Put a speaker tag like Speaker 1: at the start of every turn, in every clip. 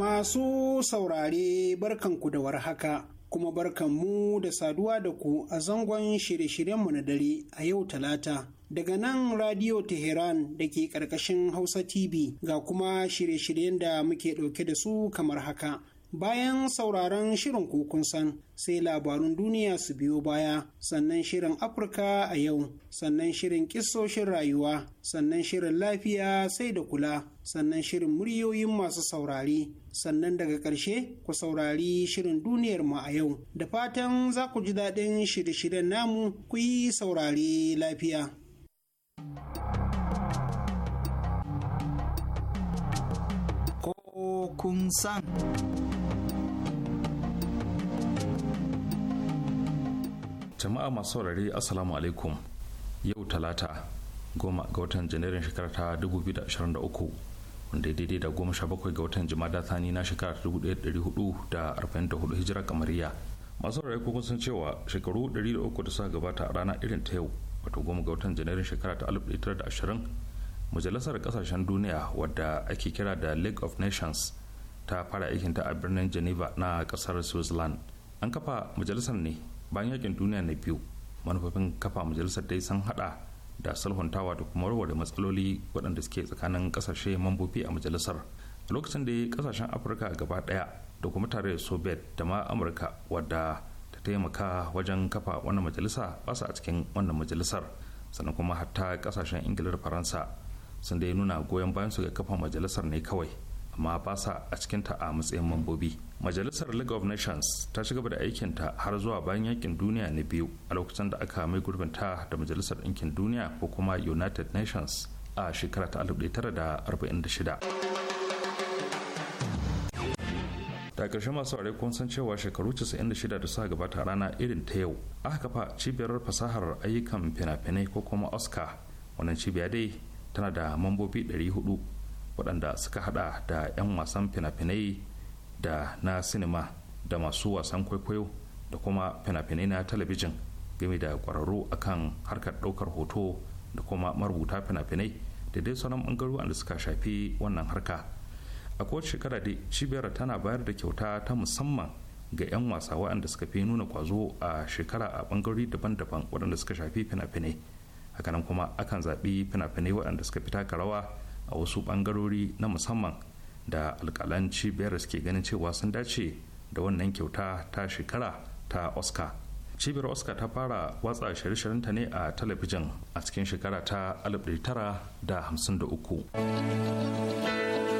Speaker 1: Masu saurare barkanku da warhaka. Kuma barkanmu da saduwa da ku a zangon shirye-shiryenmu na dare a yau talata. Daga nan Radio Teheran da ke ƙarƙashin Hausa TV ga kuma shirye-shiryen da muke ɗauke da su kamar haka. bayan sauraron shirin kukun san sai labarun duniya su biyo baya sannan shirin afirka a yau sannan shirin kissoshin rayuwa sannan shirin lafiya sai da kula sannan shirin muryoyin masu saurari, sannan daga ƙarshe ku saurari shirin duniyar mu a yau da fatan za ku ji daɗin shirye-shiryen namu ku yi saurare lafiya
Speaker 2: kun san
Speaker 3: jama'a masu saurari assalamu alaikum yau talata goma ga watan janairun shekarar ta 2023 wanda ya daidai da goma sha bakwai ga watan jimada thani na shekarar 1444 hijira kamariya masu saurari kuma sun cewa shekaru 300 da suka gabata a rana irin ta yau wato goma ga watan janairun shekarar ta 1920 majalisar kasashen duniya wadda ake kira da league of nations ta fara aikinta a birnin geneva na kasar switzerland an kafa majalisar ne bayan yakin duniya na biyu manufofin kafa majalisar dai sun hada da sulhuntawa da kuma warware matsaloli waɗanda suke tsakanin ƙasashe mambobi a majalisar a lokacin da ƙasashen afirka gaba ɗaya da kuma tare soviet da ma amurka wadda ta taimaka wajen kafa wannan majalisa ba su a cikin wannan majalisar sannan kuma hatta ƙasashen ingila da faransa sun dai nuna goyon bayan su ga kafa majalisar ne kawai amma ba sa a cikinta a matsayin mambobi majalisar league of nations ta shiga da da aikinta har zuwa bayan yakin duniya na biyu a lokacin da aka mai gurbinta da majalisar ɗinkin duniya ko kuma united nations a shekara ta 1946 da ƙarshe masu aure kun san cewa shekaru 96 da suka gabata rana irin ta yau aka kafa cibiyar fasahar ayyukan fina-finai ko kuma oscar wannan cibiya dai tana da mambobi 400 waɗanda suka hada da 'yan wasan fina-finai da na sinima da masu wasan kwaikwayo da kuma fina-finai na talabijin game da kwararru akan harkar ɗaukar hoto da kuma marubuta fina-finai da dai sauran ɓangarorin da suka shafi wannan harka a kowace shekara da cibiyar tana bayar da kyauta ta musamman ga 'yan wasa waɗanda suka fi nuna kwazo a shekara a ɓangarori daban-daban waɗanda suka shafi fina-finai hakanan kuma akan zaɓi fina-finai waɗanda suka fi taka rawa a wasu bangarori na musamman da alkalan cibiyar suke ganin cewa sun dace da wannan kyauta ta shekara ta oscar cibiyar oscar ta fara watsa shirye-shiryenta ne a talabijin a cikin shekara ta 1953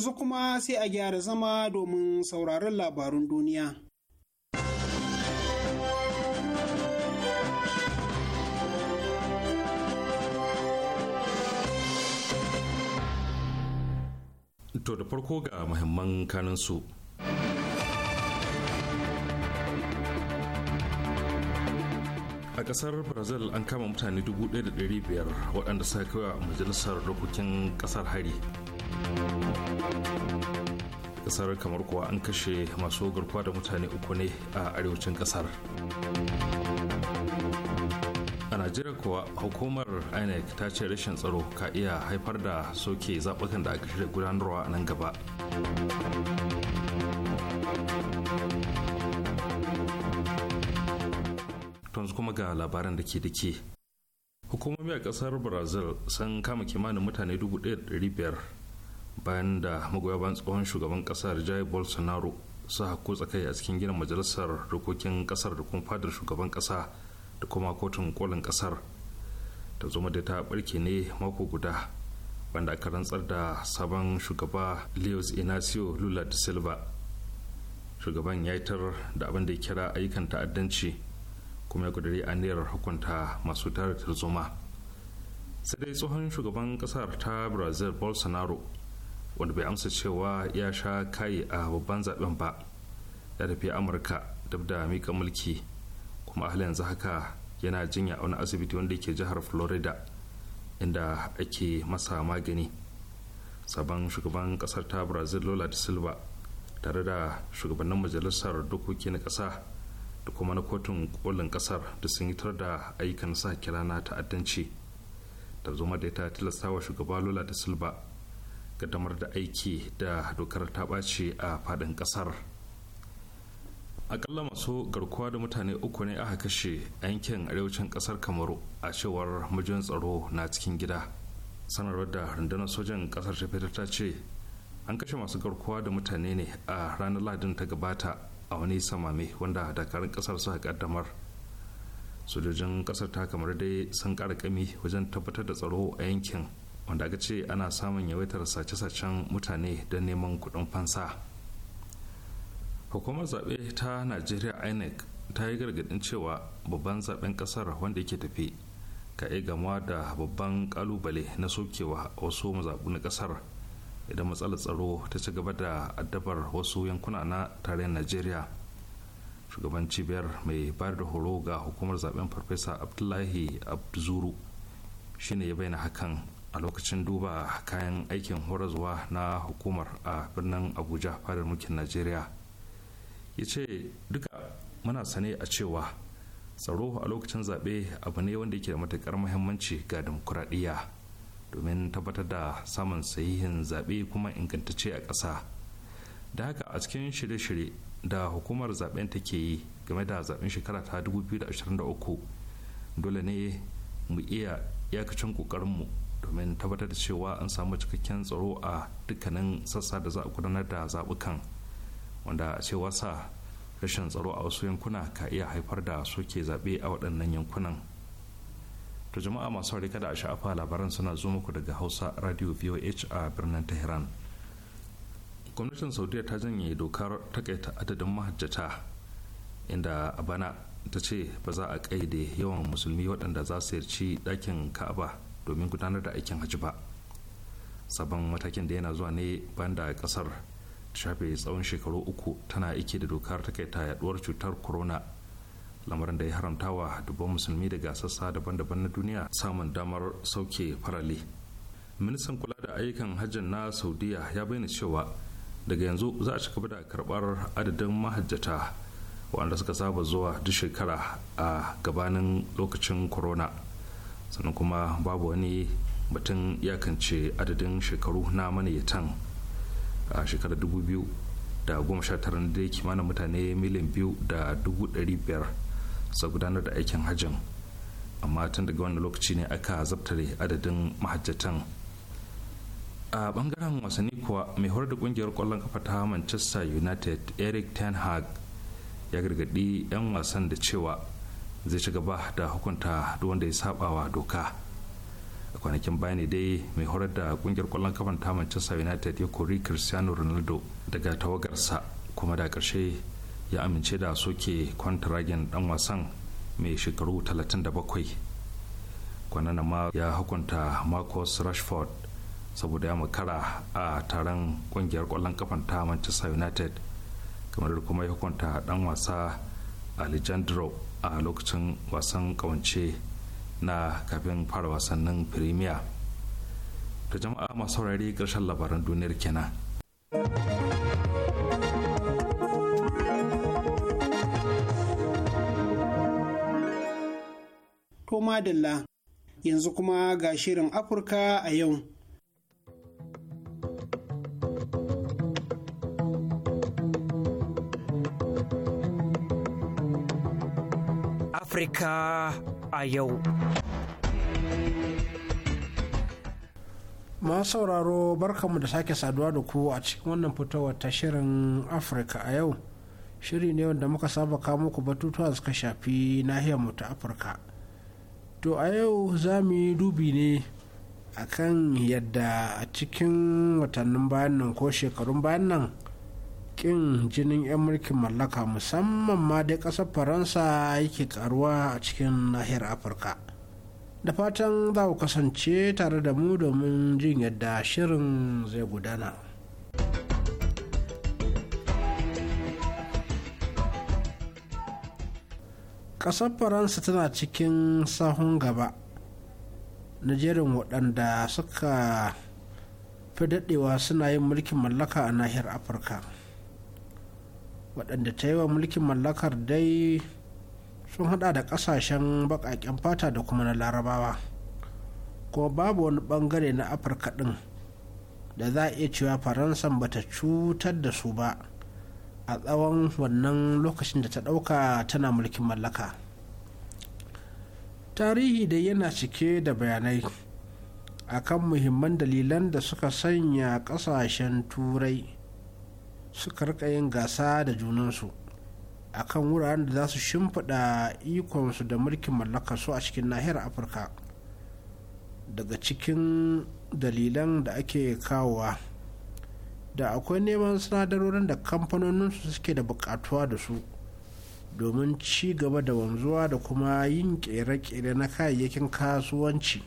Speaker 1: yanzu kuma sai a gyara zama domin sauraron labarun duniya.
Speaker 3: To da farko ga muhimman kanansu. a kasar brazil an kama mutane 1,500 waɗanda suka kai a majalisar dokokin ƙasar hari kasar kamar kuwa an kashe masu garkuwa da mutane uku ne a arewacin kasar a najeriya kuwa hukumar inec ta ce rashin tsaro ka iya haifar da soke zaɓukan da aka shirya gudanarwa nan gaba yanzu kuma ga labaran da ke dake hukumomi a kasar brazil sun kama kimanin mutane 1,500 bayan da magoya bayan tsohon shugaban kasar jai bolsonaro su kutsa kai a cikin gina majalisar dokokin kasar da kuma fadar shugaban kasa da kuma kotun kolin kasar ta zuma da ta barke ne mako guda wanda aka rantsar da sabon shugaba leos inacio lula da silva shugaban ya yi tar da abin da ya kira ayyukan ta'addanci kuma ya kudiri aniyar hukunta masu tare tarzoma sai dai tsohon shugaban kasar ta brazil bolsonaro wanda bai amsa cewa ya sha kai a babban zaben ba ya tafi amurka dab da mika mulki kuma a yanzu haka yana jinya a wani asibiti wanda ke jihar florida inda ake masa magani sabon shugaban kasar ta brazil lola da silva tare da shugabannin majalisar dokoki na kasa da kuma na kotun kolin kasar da sun yi tar da ayyukan sa ta'addanci na ta'addanci da zuma da ta tilasta wa shugaba lola da silva kaddamar da aiki da dokar ta ɓaci a faɗin ƙasar akalla masu garkuwa da mutane uku ne aka kashe a yankin arewacin ƙasar kamaru a cewar mijin tsaro na cikin gida sanarwar da rundunar sojan ƙasar ta fitar ta ce an kashe masu garkuwa da mutane ne a ranar ladin ta gabata a wani samame wanda dakarun ƙasar suka kaddamar sojojin ƙasar ta kamar dai sun ƙara kami wajen tabbatar da tsaro a yankin wanda aka ce ana samun yawaitar sace-sacen mutane don neman kudin fansa hukumar zaɓe ta najeriya inec ta yi gargaɗin cewa babban zaɓen ƙasar wanda yake tafi ka yi gamuwa da babban ƙalubale na sokewa wasu mazaɓu na ƙasar idan matsalar tsaro ta ci gaba da addabar wasu yankuna na tarayyar najeriya shugaban cibiyar mai bayar da horo ga hukumar zaɓen farfesa abdullahi abduzuru shine ya bayyana hakan a lokacin duba kayan aikin horazwa na hukumar a birnin abuja fadar mulkin najeriya ya ce duka muna sane a cewa tsaro a lokacin zaɓe abu ne wanda yake da matuƙar muhimmanci ga dimokuraɗiyya domin tabbatar da samun sahihin zaɓe kuma ingantacce a ƙasa da haka a cikin shirye-shirye da hukumar zaɓen take yi game da zaɓen shekara ta 2023 dole ne mu iya iyakacin ƙoƙarinmu domin tabbatar da cewa an samu cikakken tsaro a dukkanin sassa da za a gudanar da zaɓukan wanda a cewa sa rashin tsaro a wasu yankuna ka iya haifar da soke zaɓe a waɗannan yankunan to jama'a masu harika da a sha'afa labaran suna zo muku daga hausa radio voh a birnin tehran gwamnatin saudiya ta janye dokar takaita adadin mahajjata inda a bana ta ce ba za a kaide yawan musulmi waɗanda za su yarci ɗakin ka'aba domin gudanar da aikin hajji ba sabon matakin da yana zuwa ne bayan da kasar shafe tsawon shekaru uku tana ike da dokar takaita yaduwar cutar corona lamarin da ya haramta wa dubban musulmi daga sassa daban-daban na duniya samun damar sauke farale ministan kula da ayyukan hajjin na saudiya ya bayyana cewa daga yanzu za a ci gaba da karbar adadin mahajjata waɗanda suka saba zuwa duk shekara a gabanin lokacin corona sannan kuma babu wani batun yakance adadin shekaru na mana ya tan a shekarar 2019 da kimanin mutane miliyan biyu da dubu biyar sa gudanar da aikin hajjin amma tun daga wani lokaci ne aka zabtare adadin mahajjatan a bangaren wasanni kuwa mai horar da kungiyar kwallon kafa ta manchester united eric ten hag ya gargadi 'yan wasan da cewa zai ci gaba da hukunta duk wanda ya saba wa doka a kwanakin baya ne dai mai horar da kungiyar kwallon kafan ta manchester united ya kori cristiano ronaldo daga tawagarsa kuma da karshe ya amince da soke kwantaragen dan wasan mai shekaru 37 kwanan ma ya hukunta marcus rashford saboda ya makara a taron kungiyar kwallon kafan ta manchester united kamar kuma ya hukunta dan wasa alejandro a lokacin wasan kawance na kafin fara wasannin firimiya da jama'a masu saurari ƙarshen labaran duniyar kenan
Speaker 1: to madalla yanzu kuma ga shirin afirka a yau
Speaker 4: Afrika a yau.
Speaker 5: Masu sauraro barkanmu da sake saduwa da ku a cikin wannan fitowar ta shirin Afirka a yau. Shiri ne wanda muka saba kawo muku batutuwa suka shafi nahiyarmu ta Afirka. To a yau za mu yi dubi ne akan yadda a cikin watannin bayan nan ko shekarun bayan nan ƙin jinin 'yan mulkin mallaka musamman ma dai ƙasar faransa yake karuwa a cikin nahiyar afirka da fatan za ku kasance tare da mu domin jin yadda shirin zai gudana ƙasar faransa tana cikin sahun gaba na jerin waɗanda suka fi daɗewa suna yin mulkin mallaka a nahiyar afirka waɗanda ta yi wa mulkin mallakar dai sun hada da ƙasashen baƙaƙen fata da kuma na larabawa kuma babu wani ɓangare na afirka ɗin da za a iya cewa faransan bata cutar da su ba a tsawon wannan lokacin da ta ɗauka tana mulkin mallaka tarihi dai yana cike da bayanai akan muhimman dalilan da suka sanya ƙasashen turai suka rika yin gasa da junansu a kan wuraren da za su shimfiɗa ikonsu da mulkin mallakar su a cikin nahiyar afirka daga cikin dalilan da ake kawowa da akwai neman sinadarorin da kamfanoninsu suke da buƙatuwa da su domin ci gaba da wanzuwa da kuma yin ƙere-ƙere na kayayyakin kasuwanci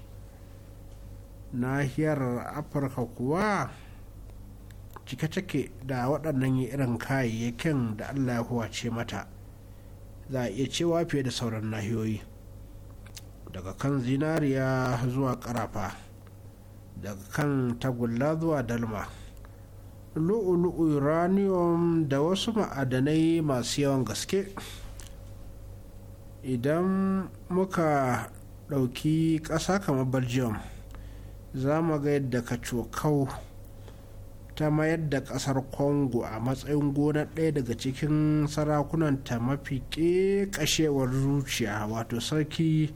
Speaker 5: nahiyar afirka kuwa cike cike da waɗannan irin kayayyakin da allah ya huwace mata za a iya cewa fiye da sauran nahiyoyi daga kan zinariya zuwa karafa daga kan tagulla zuwa dalma lu'ulu'u uranium da wasu ma'adanai masu yawan gaske idan muka ɗauki ƙasa kamar belgium za mu ga yadda ka cokau ta mayar da kasar congo a matsayin gona ɗaya daga cikin sarakunan ta mafi ƙashewar zuciya wato sarki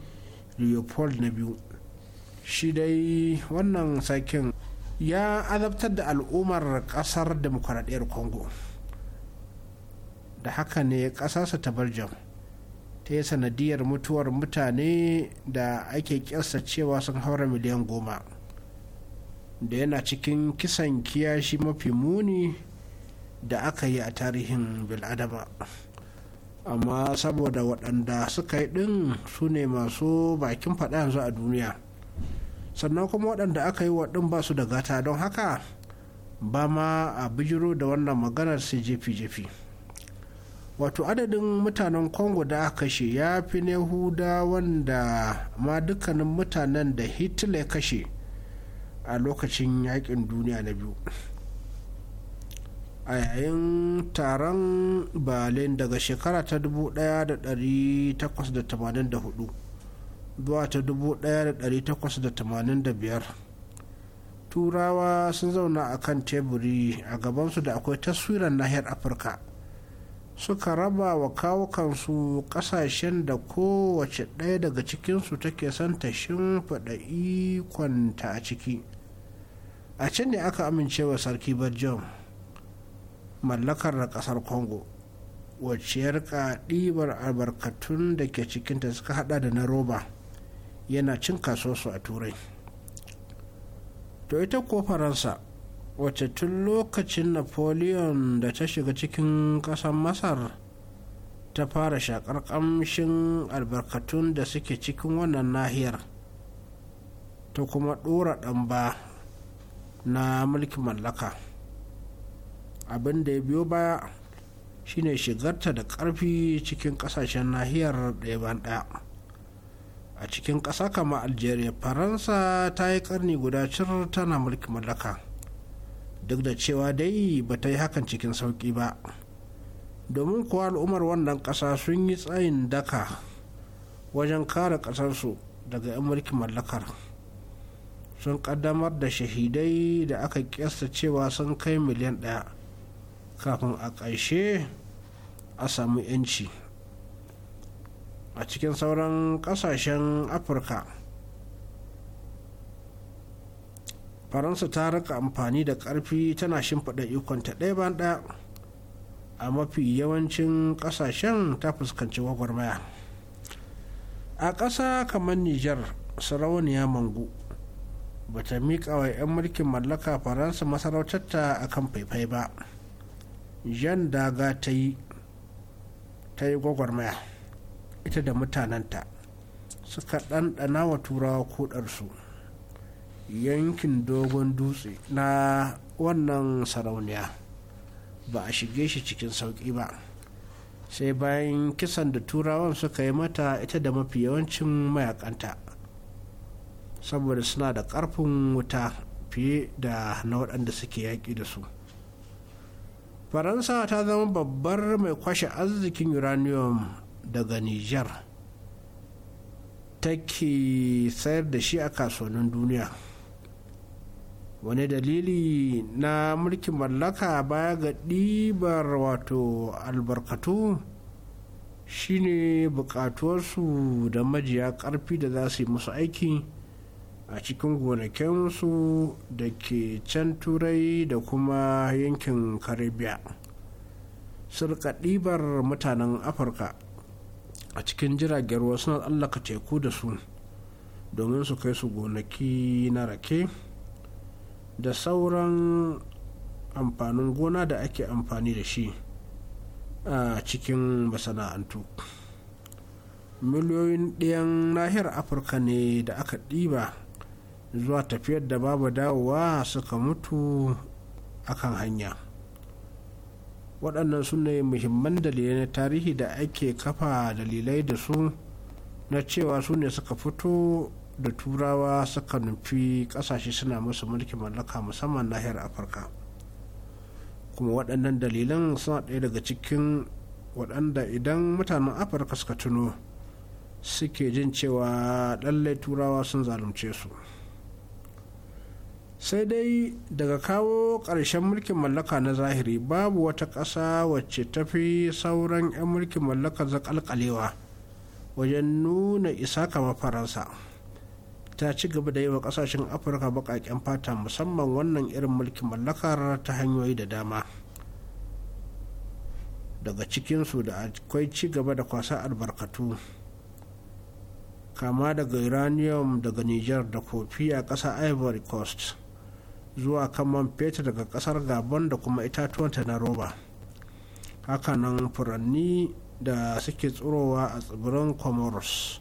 Speaker 5: leopold na biyu shi dai wannan sarkin ya azabtar da al'ummar ƙasar demokuraɗiyar congo da haka ne ƙasarsa ta belgium ta yi sanadiyar mutuwar mutane da ake kyasta cewa sun haura miliyan goma da yana cikin kisan kiyashi mafi muni da aka yi a tarihin biladama amma saboda waɗanda suka yi ɗin su ne masu bakin faɗa yanzu a duniya sannan kuma waɗanda aka yi waɗin ba su da gata don haka ba ma a bijiro da wannan maganar su jefi-jefi wato adadin mutanen congo da aka kashe ya fi ne huda wanda ma dukkanin mutanen da hitler kashe a lokacin yakin duniya na biyu a yayin taron berlin daga shekara ta 1884 zuwa ta 1885 turawa sun zauna a kan teburi a gabansu da akwai taswirar nahiyar afirka suka raba wa kawukansu kasashen da kowace ɗaya daga cikinsu take son ta shimfiɗa ikonta a ciki a can ne aka amincewa sarki barjom mallakar kasar congo wacce ya rika ɗibar albarkatun da ke cikinta suka hada da na roba yana cin kasuwarsu a turai to ita ko faransa wacce tun lokacin napoleon da ta shiga cikin ƙasar masar ta fara shakar kamshin albarkatun da suke cikin wannan nahiyar ta kuma ɗora ɗan ba na mulkin mallaka abin da ya biyo baya shine shigarta da ƙarfi cikin ƙasashen nahiyar ɗaya ban ɗaya a cikin ƙasa kama algeria faransa ta yi ƙarni guda cir tana mulkin mallaka duk da cewa dai ba ta yi hakan cikin sauƙi ba domin kuwa al'ummar wannan ƙasa sun yi tsayin daka wajen kare ƙasarsu daga 'yan mulkin mallakar sun kaddamar da shahidai da aka kiyasta cewa sun kai miliyan ɗaya kafin a ƙarshe a samu 'yanci a cikin sauran ƙasashen afirka faransa ta rika amfani da ƙarfi tana shimfiɗa ikonta ɗaya bayan ɗaya a mafi yawancin ƙasashen ta fuskanci gwagwarmaya a ƙasa kamar Nijar sarauniya mangu ba ta miƙa wa 'yan mulkin mallaka faransa masarautarta a kan faifai ba jan daga ta yi ta yi gwagwarmaya ita da mutanenta suka ɗanɗana wa turawa kuɗarsu. yankin dogon dutse na wannan sarauniya ba a shige shi cikin sauƙi ba sai bayan kisan da turawan suka yi mata ita da mafi yawancin mayakanta saboda suna da ƙarfin wuta fiye da na waɗanda suke yaƙi da su faransa ta zama babbar mai kwashe arzikin uranium daga niger take sayar da shi a kasuwannin duniya wani dalili na mulkin mallaka baya ga ɗibar wato albarkatu shine bukatuwarsu da majiya ƙarfi da za su yi musu aiki a cikin gonakinsu da ke can turai da kuma yankin caribbean surka ɗibar mutanen afirka a cikin jiragen ruwa suna tsallaka teku da su domin su kai su gonaki na rake da sauran amfanin gona da ake amfani da shi a cikin masana'antu miliyoyin ɗayan nahiyar afirka ne da aka ɗiba zuwa tafiyar da babu dawowa suka mutu akan hanya waɗannan su ne muhimman dalilai na tarihi da ake kafa dalilai da su na cewa su ne suka fito da turawa suka nufi ƙasashe suna musu mulkin mallaka musamman nahiyar afirka kuma waɗannan dalilan suna ɗaya daga cikin waɗanda idan mutanen afirka suka tuno suke jin cewa lallai turawa sun zalunce su. sai dai daga kawo ƙarshen mulkin mallaka na zahiri babu wata ƙasa wacce ta fi sauran 'yan mulkin mallaka zaƙalƙalewa wajen nuna isa kama faransa ta ci gaba da yi wa ƙasashen afirka baƙaƙen fata musamman wannan irin mulkin mallakar ta hanyoyi da dama daga cikinsu da akwai ci gaba da kwasa albarkatu kama daga uranium daga niger da kofi a ƙasa ivory coast zuwa kan man fetur daga kasar gabon da kuma itatuwanta na roba hakanan furanni da suke tsirowa a tsibirin comoros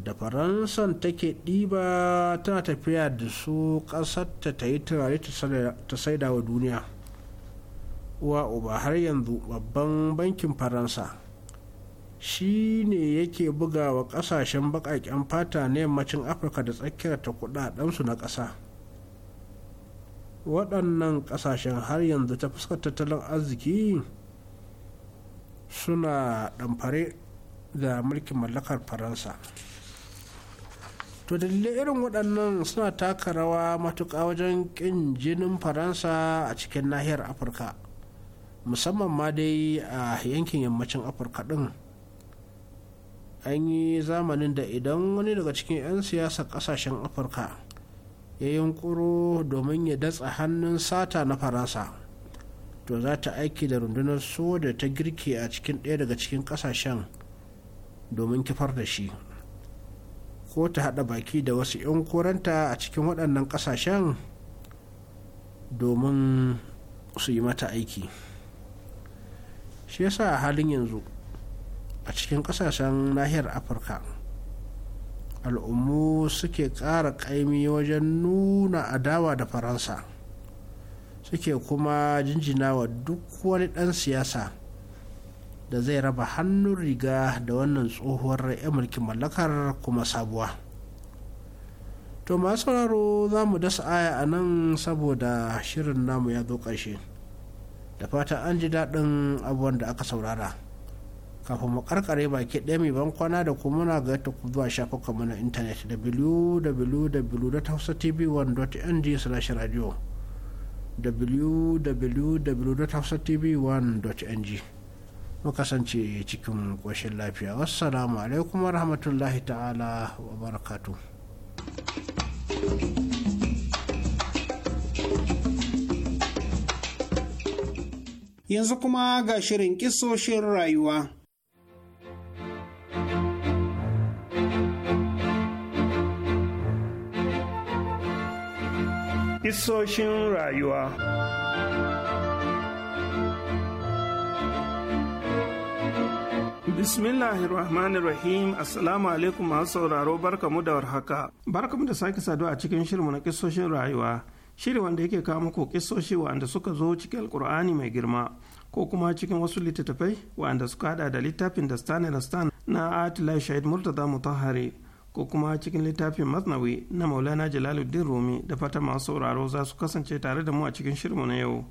Speaker 5: da faransan take ɗiba tana tafiya da su ƙasarta ta yi turare ta saida wa duniya uwa uba har yanzu babban bankin faransa shi ne yake buga wa ƙasashen baƙaƙen fata na yammacin afirka da tsakiyar ta kuɗaɗensu na ƙasa waɗannan ƙasashen har yanzu ta fuskar tattalin arziki suna ɗamfare da mulkin mallakar faransa to dalilai irin waɗannan suna taka rawa matuƙa wajen ƙin jinin faransa a cikin nahiyar afirka musamman ma dai a yankin yammacin afirka ɗin an yi zamanin da idan wani daga cikin 'yan siyasar ƙasashen afirka ya yunkuro domin ya datsa hannun sata na faransa to za ta aiki da rundunar soja ta girke a cikin ɗaya daga cikin ƙasashen domin kifar da shi ko ta haɗa baki da wasu 'yan a cikin waɗannan ƙasashen domin su yi mata aiki shi yasa a halin yanzu a cikin ƙasashen nahiyar afirka al'ummu suke ƙara ƙaimi wajen nuna adawa da faransa suke kuma jinjina wa duk wani ɗan siyasa da zai raba hannun riga da wannan tsohuwar 'yan mulkin mallakar kuma sabuwa to masu sauraro za mu dasa aya a nan saboda shirin namu ya zo ƙarshe da fata an ji daɗin abubuwan da aka saurara kafin mu karkare baki ɗaya mai ban kwana da kuma muna ga ta ku zuwa shafukan mu na intanet www.hausatv1.ng slash radio www.hausatv1.ng mu kasance cikin ƙoshin lafiya wassalamu alaikum rahmatullahi ta'ala wa barakatu.
Speaker 1: yanzu kuma ga shirin kisoshin rayuwa
Speaker 6: Kisoshin rayuwa. Bismillahirrahmanirrahim Assalamu alaikum masu sauraro barkamu da warhaka. Barkamu da sake saduwa a cikin shirinmu na kisoshin rayuwa. Shiri wanda yake kawo muku kisoshi wanda suka zo cikin alkur'ani mai girma ko kuma cikin wasu littattafai wanda suka hada da littafin da stan na Atila Shahid Murtaza Mutahari ko kuma cikin littafin masnawi na maulana jalaluddin rumi da fata masu sauraro za su kasance tare da mu a cikin shirmu na yau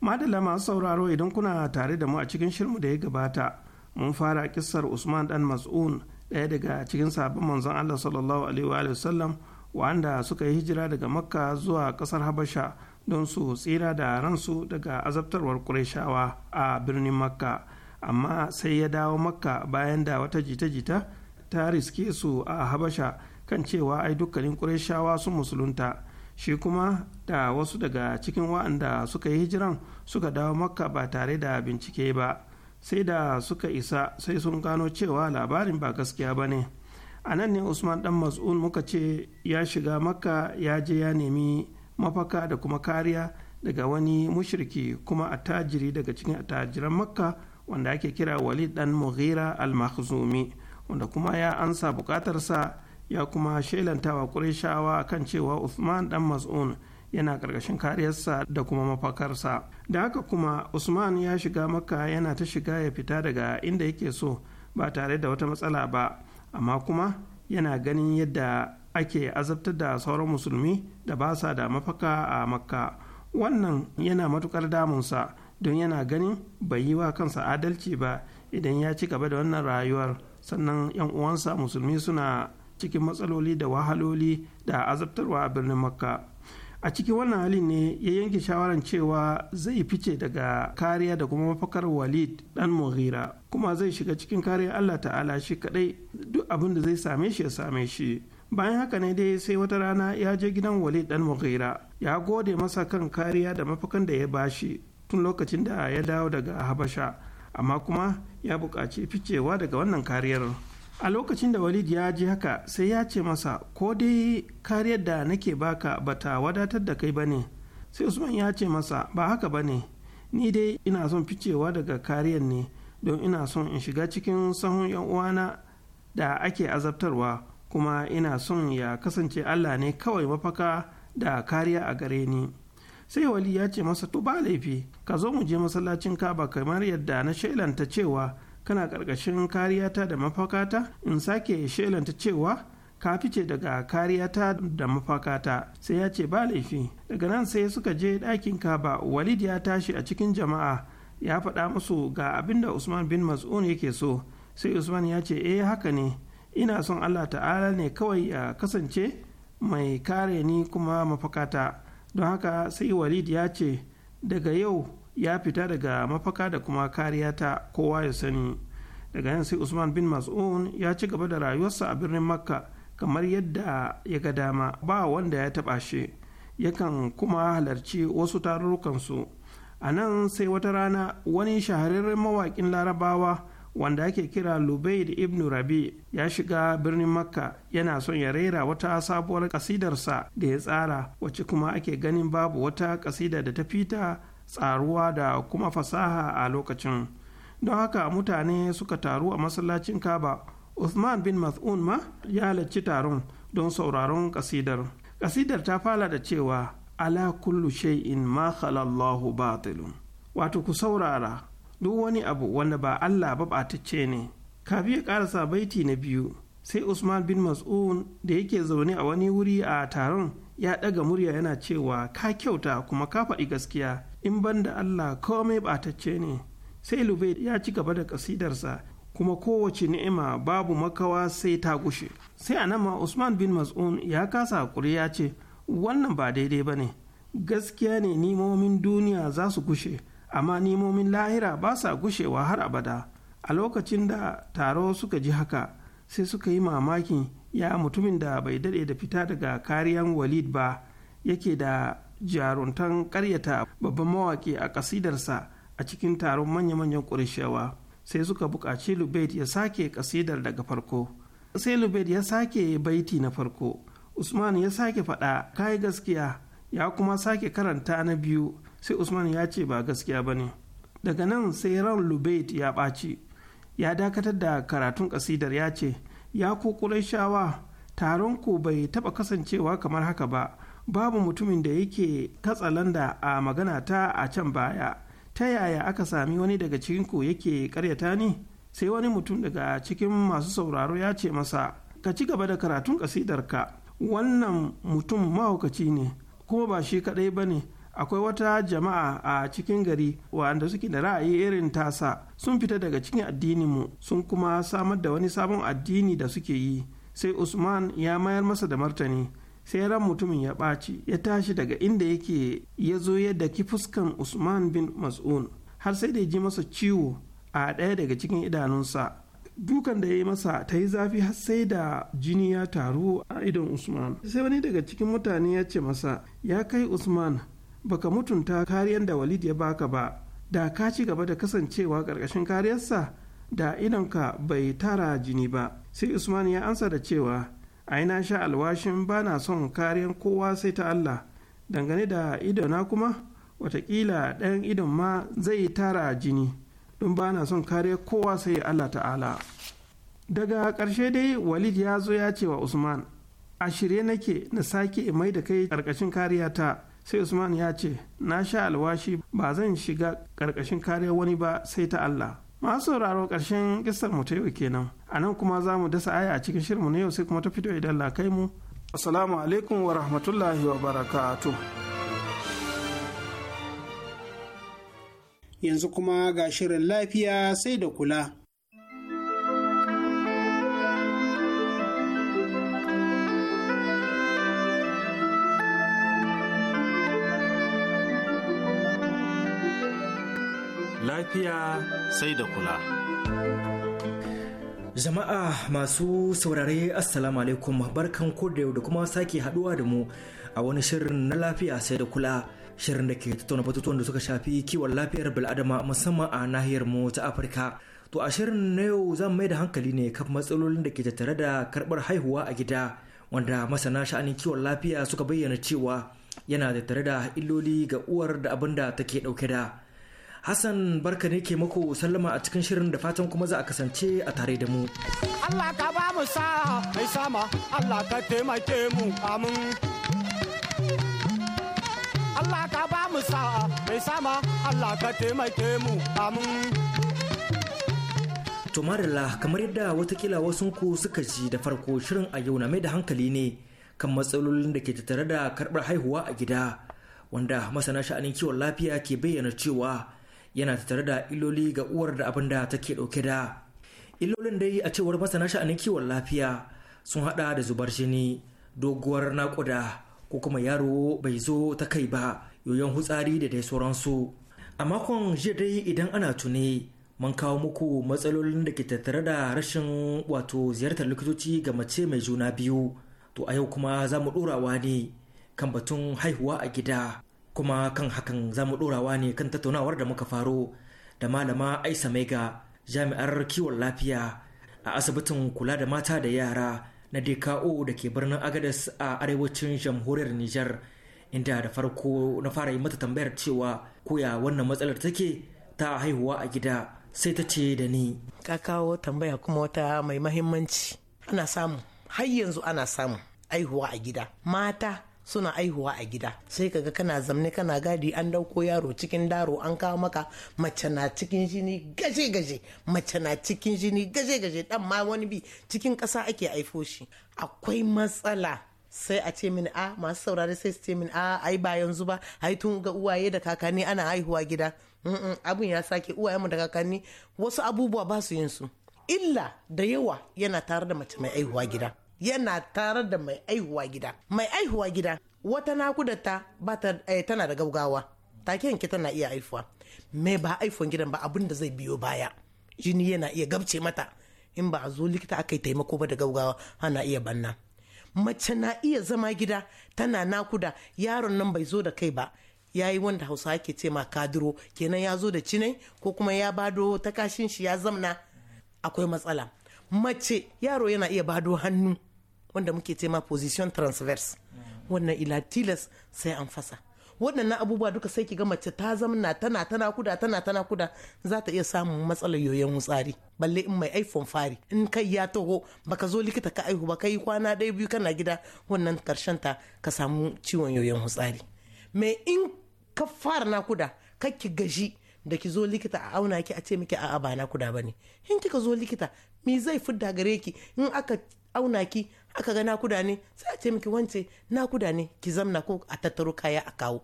Speaker 6: madalla masu sauraro idan kuna tare da mu a cikin shirmu da ya gabata mun fara kissar usman dan mas'un ɗaya daga cikin sabon manzon allah sallallahu alaihi wa sallam wanda suka yi hijira daga makka zuwa ƙasar habasha don su tsira da ransu daga azabtarwar ƙurashawa a birnin makka amma sai ya dawo makka bayan da wata jita-jita ta riske su a habasha kan cewa ai dukkanin ƙurashawa sun musulunta shi kuma da wasu daga cikin wa'anda suka yi hijiran suka dawo makka ba tare da bincike ba sai da suka isa sai sun gano cewa labarin ba gaskiya ba ne. a nan ne usman dan mas'un muka ce ya shiga makka ya je ya nemi mafaka da kuma kariya daga wani mushriki kuma attajiri daga cikin attajiran makka wanda ake kira walid dan mughira al mahzumi wanda kuma ya ansa bukatarsa ya kuma shelantawa Qurayshawa kan cewa Usman dan Mas'un yana karkashin kariyarsa da kuma mafakarsa. Da haka kuma Usman ya shiga Makka yana ta shiga ya fita daga inda yake so ba tare da wata matsala ba amma kuma yana ganin yadda ake azabtar da sauran musulmi da ba sa da mafaka a makka wannan yana matukar damunsa don yana ganin bai yi wa kansa adalci ba idan ya ci gaba da wannan rayuwar sannan 'yan uwansa musulmi suna cikin matsaloli da wahaloli da azabtarwa a birnin makka a cikin wannan halin ne ya yanke shawarar cewa zai fice daga kariya da kuma mafakar walid dan mughira kuma zai shiga cikin kariyar allah ta'ala shi kadai duk abin da zai same shi ya same shi bayan haka ne dai sai wata rana ya je gidan walid dan mughira ya gode masa kan kariya da mafakan da ya bashi tun lokacin da ya dawo daga habasha amma kuma ya buƙaci ficewa daga wannan kariyar a lokacin da walid ya ji haka sai ya ce masa ko dai kariyar da nake baka bata wadatar da kai bane sai usman ya ce masa ba haka bane ni dai ina son ficewa daga kariyar ne don ina son in shiga cikin sahun yan uwana da ake azabtarwa kuma ina son ya kasance allah ne kawai mafaka da kariya a gare ni sai wali ya ce masa to ba laifi ka zo mu je masallacin kaba kamar yadda na shailanta cewa kana ƙarƙashin kariyata da mafakata in sake shelanta cewa ka fice daga kariyata da mafakata sai ya ce ba laifi daga nan sai suka je ɗakin ba walid ya tashi a cikin jama'a ya faɗa musu ga abin da usman bin mas'un yake so sai usman ya ce eh haka ne ina son allah ta'ala ne kawai ya kasance mai kare ni kuma mafakata don haka sai walid ya ce daga yau ya fita daga mafaka da kuma kariya ta kowa ya sani daga yan sai usman bin mas'un ya ci gaba da rayuwarsa a birnin makka kamar yadda ya ga dama ba wanda ya taba shi yakan kuma halarci wasu tarurrukansu a nan sai wata rana wani shahararren mawaƙin larabawa wanda ake kira lubaid ibn rabi ya shiga birnin makka yana son ya raira wata sabuwar kasidarsa da ya tsara wacce kuma ake ganin babu wata kasida da ta fita tsaruwa da kuma fasaha a lokacin don haka mutane suka taru a masallacin kaba Usman bin Mas'un ma ya halarci taron don sauraron kasidar. Kasidar ta fala da cewa ala kullu shay'in ma khalallahu batilun. Wato ku saurara duk wani abu wanda ba Allah ba batacce ne. Kafi ya karasa baiti na biyu sai Usman bin Mas'un da yake zaune a wani wuri a taron ya ɗaga murya yana cewa ka kyauta kuma ka faɗi gaskiya in banda Allah komai batacce ne sai Lubaid ya ci gaba da kasidarsa kuma kowace ni'ima babu makawa sai ta gushe sai anama Usman bin Mas'un ya kasa hakuri ya ce wannan ba daidai ba ne gaskiya ne nimomin duniya za su gushe amma nimomin lahira ba sa gushewa har abada a lokacin da taro suka ji haka sai suka yi mamakin ya mutumin da bai daɗe da fita daga kariyan walid ba yake da jaruntan karyata babban mawaƙi a ƙasidarsa a cikin taron manya-manyan ƙurishewa sai suka buƙaci lubaid ya sake ƙasidar daga farko sai lubaid ya sake baiti na farko usman ya sake faɗa kayi gaskiya ya kuma sake karanta na biyu sai usman ya ce ba gaskiya ba ne daga nan sai ran lubaid ya ɓaci ya dakatar da karatun ƙasidar ya ce ya ku ƙurashawa taron ku bai taɓa kasancewa kamar haka ba babu mutumin da yake katsalanda a magana ta a can baya ta yaya aka sami wani daga cikinku yake karyata ni sai wani mutum daga cikin masu sauraro ya ce masa ka ci gaba da karatun kasidarka wannan mutum mahaukaci ne kuma ba shi kadai ba ne akwai wata jama'a a cikin gari wanda suke da ra'ayi irin tasa sun fita daga cikin mu sun kuma samar da wani sabon addini da suke yi sai usman ya mayar masa da martani sai ran mutumin ya ɓaci ya tashi daga inda yake ya zo ya daki fuskan usman bin mas'un har sai da ya ji masa ciwo a ɗaya daga cikin idanunsa dukan da ya yi masa ta yi zafi har sai da jini ya taru a idon usman sai wani daga cikin mutane ya ce masa ya kai usman baka mutunta kariyar da walid ya baka ba da ka ci gaba da kasancewa ƙarƙashin kariyarsa da idonka bai tara jini ba sai usman ya ansa da cewa ai na sha alwashin ba na son kariyan kowa sai ta Allah dangane da idona kuma watakila ɗayan idon ma zai tara jini don ba na son kariyar kowa sai Allah ta'ala daga ƙarshe dai walid ya zo ya ce wa usman a shirye nake na sake mai da kai ƙarƙashin kariya ta sai usman ya ce na sha alwashi ba zan shiga ƙarƙashin kariyar wani ba sai ta Allah masu sauraro ƙarshen kistar mu ta yau kenan a nan kuma za mu dasa aya a cikin shirinmu na yau sai kuma ta fito idan la kai mu assalamu alaikum wa rahmatullahi wa barakatu.
Speaker 1: yanzu kuma ga shirin lafiya sai da kula
Speaker 5: lafiya sai da kula.
Speaker 4: Jama'a masu saurare Assalamu alaikum barkan ku da yau da kuma sake haduwa da mu a wani shirin na lafiya sai da kula shirin da ke tattauna batutuwan da suka shafi kiwon lafiyar bil'adama musamman a nahiyar mu ta Afirka. To a shirin na yau zan mai da hankali ne kan matsalolin da ke tattare da karbar haihuwa a gida wanda masana sha'anin kiwon lafiya suka bayyana cewa yana tare da illoli ga uwar da abin da take dauke da. Hassan barka ne ke mako sallama a cikin shirin da fatan kuma za a kasance a tare da mu. Allah ka ba mu sa mai sama Allah ka taimake mu amin. Allah ka ba mu sa mai sama Allah ka taimake mu amin. To kamar yadda watakila wasunku suka ji da farko shirin a yau na mai da hankali ne kan matsalolin da ke tattare da karɓar haihuwa a gida wanda masana sha'anin kiwon lafiya ke bayyana cewa yana tattare da iloli ga uwar da abin da take dauke da ilolin dai a cewar masana sha'anin kiwon lafiya sun hada da zubar jini doguwar naƙuda ko kuma yaro bai zo ta kai ba yoyon hutsari da dai sauransu a makon jiya dai idan ana tuni mun kawo muku matsalolin da ke tattare da rashin wato ziyartar likitoci ga mace mai juna biyu to a yau kuma za mu ɗorawa ne kan batun haihuwa a gida kuma kan hakan za mu ɗorawa ne kan tattaunawar da muka faro da malama aisa maiga jami'ar kiwon lafiya a asibitin kula da mata da yara na dko da ke birnin agadas a arewacin jamhuriyar niger inda da farko na fara yi mata tambayar cewa koya wannan
Speaker 7: matsalar take ta haihuwa a gida sai ta ce da ni ka kawo tambaya kuma wata mai mahimmanci ana samu har yanzu ana samu haihuwa a gida mata suna aihuwa a gida sai kaga kana zamne kana gadi an dauko yaro cikin daro an kawo maka mace na cikin jini gaje gaje mace na cikin jini gaje gaje dan ma wani bi cikin kasa ake aifo shi akwai matsala sai a ce min a masu saurari sai su ce min a ai ba yanzu ba ai tun ga uwaye da kakanni ana haihuwa gida abun ya sake uwaye mu da kakanni wasu abubuwa ba su yin su illa da yawa yana tare da mace mai aihuwa gida yana tare da mai aihuwa gida mai aihuwa gida wata nakuda ta ba ta eh, tana da gaugawa take yanke tana iya aifuwa me ba aifuwan gidan ba abin da zai biyo baya jini yana iya gabce mata in ba a zo likita aka yi taimako ba da gaugawa ana iya banna mace na iya zama gida tana nakuda yaron nan bai zo da kai ba ya yi wanda hausa ke ce ma kadiro kenan ya zo da cinai ko kuma ya bado ta kashin shi ya zamna akwai matsala mace yaro yana iya bado hannu wanda muke ce ma position transverse wannan ila tilas sai an fasa waɗannan abubuwa duka sai kiga mace ta zamna tana tana kuda tana tana kuda za ta iya samun matsalar yoyon wutsari balle in mai iphone fari in kai ya taho baka zo likita ka aihu ba kai kwana ɗaya biyu kana gida wannan karshen ta ka samu ciwon yoyon wutsari me in ka fara nakuda ka ki gaji da ki zo likita a auna ki a ce miki a'a ba nakuda bane in kika zo likita me zai fidda gare ki in aka auna ki aka ga nakuda ne sai a ce miki wance nakuda ne ki zamna ko a tattaro kaya a kawo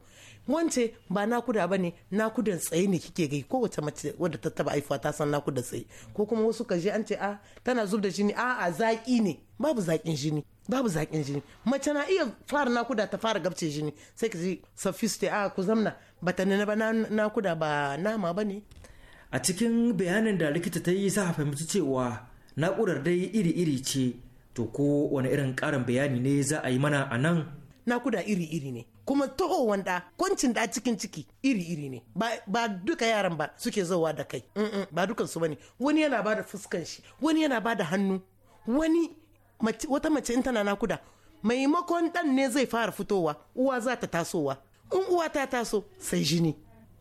Speaker 7: wance ba nakuda ba ne nakudan tsaye ne kike gai ko wata mace wadda ta taba haifuwa ta san nakuda tsaye ko kuma wasu kaje an ce a tana zub da jini a a zaki ne babu zakin jini babu zakin jini mace na iya fara nakuda ta fara gabce jini sai ka ji sophisti a ku zamna bata ne ba nakuda ba nama ba ne a cikin bayanin da likita ta yi sa a fahimci cewa
Speaker 4: na'urar dai iri-iri ce to ko wani irin karin bayani ne za a yi mana a nan
Speaker 7: nakuda iri-iri ne kuma toho wanda kwancin da cikin ciki iri-iri ne ba, duka yaran ba suke zowa da kai ba dukan su bane wani yana ba da fuskan shi wani yana ba da hannu wani wata mace in tana nakuda maimakon dan ne zai fara fitowa uwa za ta tasowa in uwa ta taso sai jini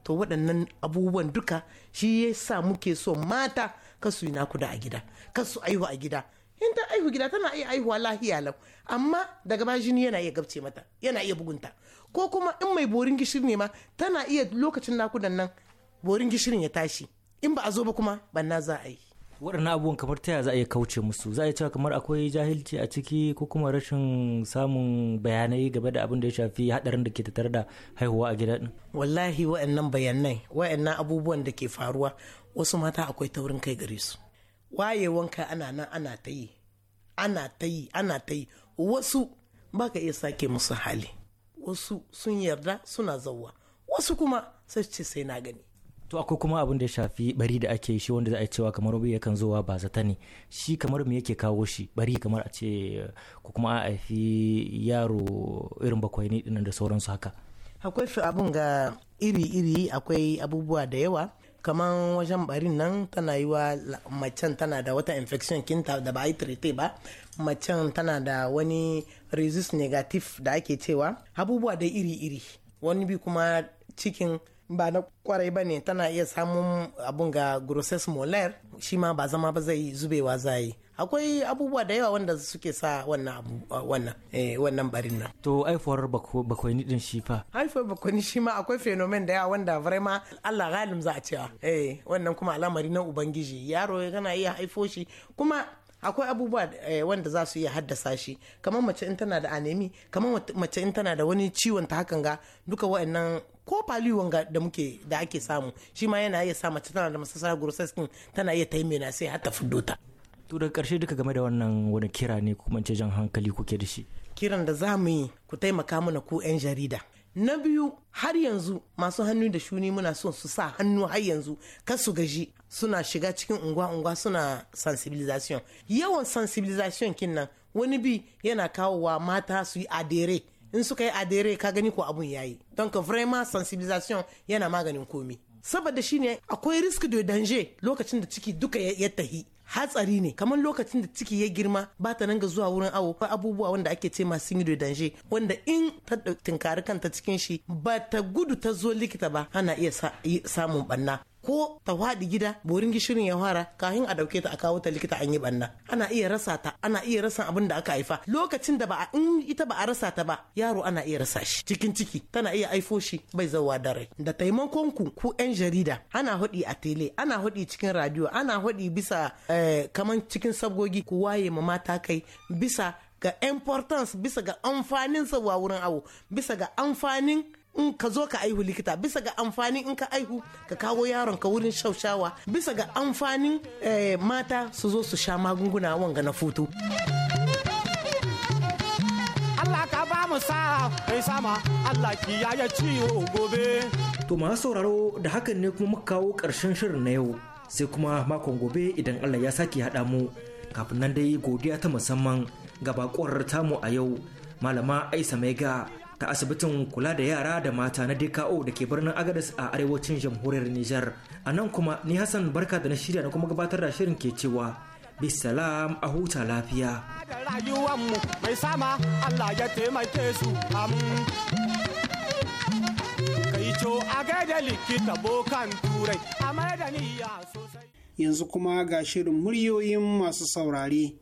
Speaker 7: to waɗannan abubuwan duka shi ya sa muke so mata kasu yi nakuda a gida kasu aihu a gida in ta aihu gida tana iya aihuwa lahiya lau amma daga ba jini yana iya gabce mata yana iya bugunta ko kuma in mai borin gishiri ne ma tana iya lokacin nakudan nan borin gishirin ya tashi in ba a zo ba kuma banna za a yi
Speaker 4: waɗannan abubuwan kamar ta za a iya kauce musu za a cewa kamar akwai jahilci a ciki ko kuma rashin samun bayanai
Speaker 7: game da abin da ya shafi haɗarin da ke tattare da haihuwa a gida wallahi wa'annan bayanai wa'annan abubuwan da ke faruwa wasu mata akwai taurin kai gare su wayewanka ana nan ana ta yi ana ta yi ana ta yi wasu baka iya sake musu hali wasu sun yarda suna zauwa wasu kuma sai ce sai na gani
Speaker 4: to akwai kuma abin da ya shafi bari da ake shi wanda za a cewa kamar wani yakan zowa ba zata ne shi kamar me yake kawo shi bari kamar a ce ko kuma a haifi yaro irin bakwai ne dinan da sauransu haka
Speaker 7: akwai abun ga iri-iri akwai abubuwa da yawa kamar wajen barin nan tana yi wa macen tana da wata infection kinta da ba a yi ba macen tana da wani resus negatif da ake cewa abubuwa da iri-iri wani bi kuma cikin ba na kwarai ba ne tana iya samun abun ga grosses molar shi ma ba zama ba zai zubewa zai akwai abubuwa da yawa wanda suke sa wannan uh, wannan eh, wannan barin nan to haifuwar bakwai din shi fa haifuwar bakwai shi ma akwai fenomen da yawa wanda vraiment Allah galim za a cewa eh wannan kuma al'amari na ubangiji yaro yana iya haifo shi kuma akwai abubuwa eh, wanda za su iya haddasa shi kamar mace in tana da anemi kamar mace in tana da wani ciwon ta hakan ga duka wa'annan ko faliwon da muke da ake samu shi ma yana iya sa mace tana da masasar grosseskin tana iya taimena sai har ta fiddo ta to karshe duka game da wannan wani kira ne kuma ce jan hankali kuke da shi kiran da za mu yi ku taimaka mana ku 'yan jarida na biyu har yanzu masu hannu da shuni muna son su sa hannu har yanzu kar su gaji suna shiga cikin unguwa-unguwa suna sensibilisation yawan sensibilisation kin nan wani bi yana kawowa mata su yi adere in suka yi adere ka gani ko abun yayi don ka vraiment sensibilisation yana maganin komi saboda shi ne akwai risk da danger lokacin da ciki duka ya tahi hatsari ne kamar lokacin da ciki ya girma ba ta nan ga zuwa wurin awo ko abubuwa wanda ake ce ma da danje wanda in ta tinkari kanta cikin shi ba ta gudu ta zo likita ba ana iya samun banna ko ta faɗi gida borin gishirin ya fara kafin a ɗauke ta a kawo ta likita an yi banna ana iya rasa ta ana iya rasa abin da aka haifa lokacin da ba a in ita ba a rasa ta ba yaro ana iya rasa shi cikin ciki tana iya aifo shi bai zauwa da rai da taimakon ku ku yan jarida ana hudi a tele ana hudi cikin radio ana hudi bisa eh, kaman cikin sabgogi ku waye ma mata kai bisa ga importance bisa ga amfanin sa wurin awo bisa ga amfanin in ka zo ka aihu likita bisa ga amfanin in ka aihu ka kawo yaron ka wurin shaushawa bisa ga amfanin eh, mata su zo su sha magunguna wanga na futu. Allah ka ba mu
Speaker 4: sa sama Allah ya ciwo gobe. To masu sauraro da hakan ne kuma muka kawo ƙarshen shirin na yau sai kuma makon gobe idan Allah ya sake haɗa mu kafin nan dai godiya ta musamman ga bakuwar tamu a yau malama Aisa Mega ta asibitin kula da yara da mata na DKO da ke birnin Agadez a arewacin jamhuriyar Nijar. A nan kuma ni Hassan barka da na shirya na kuma gabatar da shirin ke cewa bisalam a huta lafiya.
Speaker 1: Yanzu kuma ga shirin muryoyin masu saurare.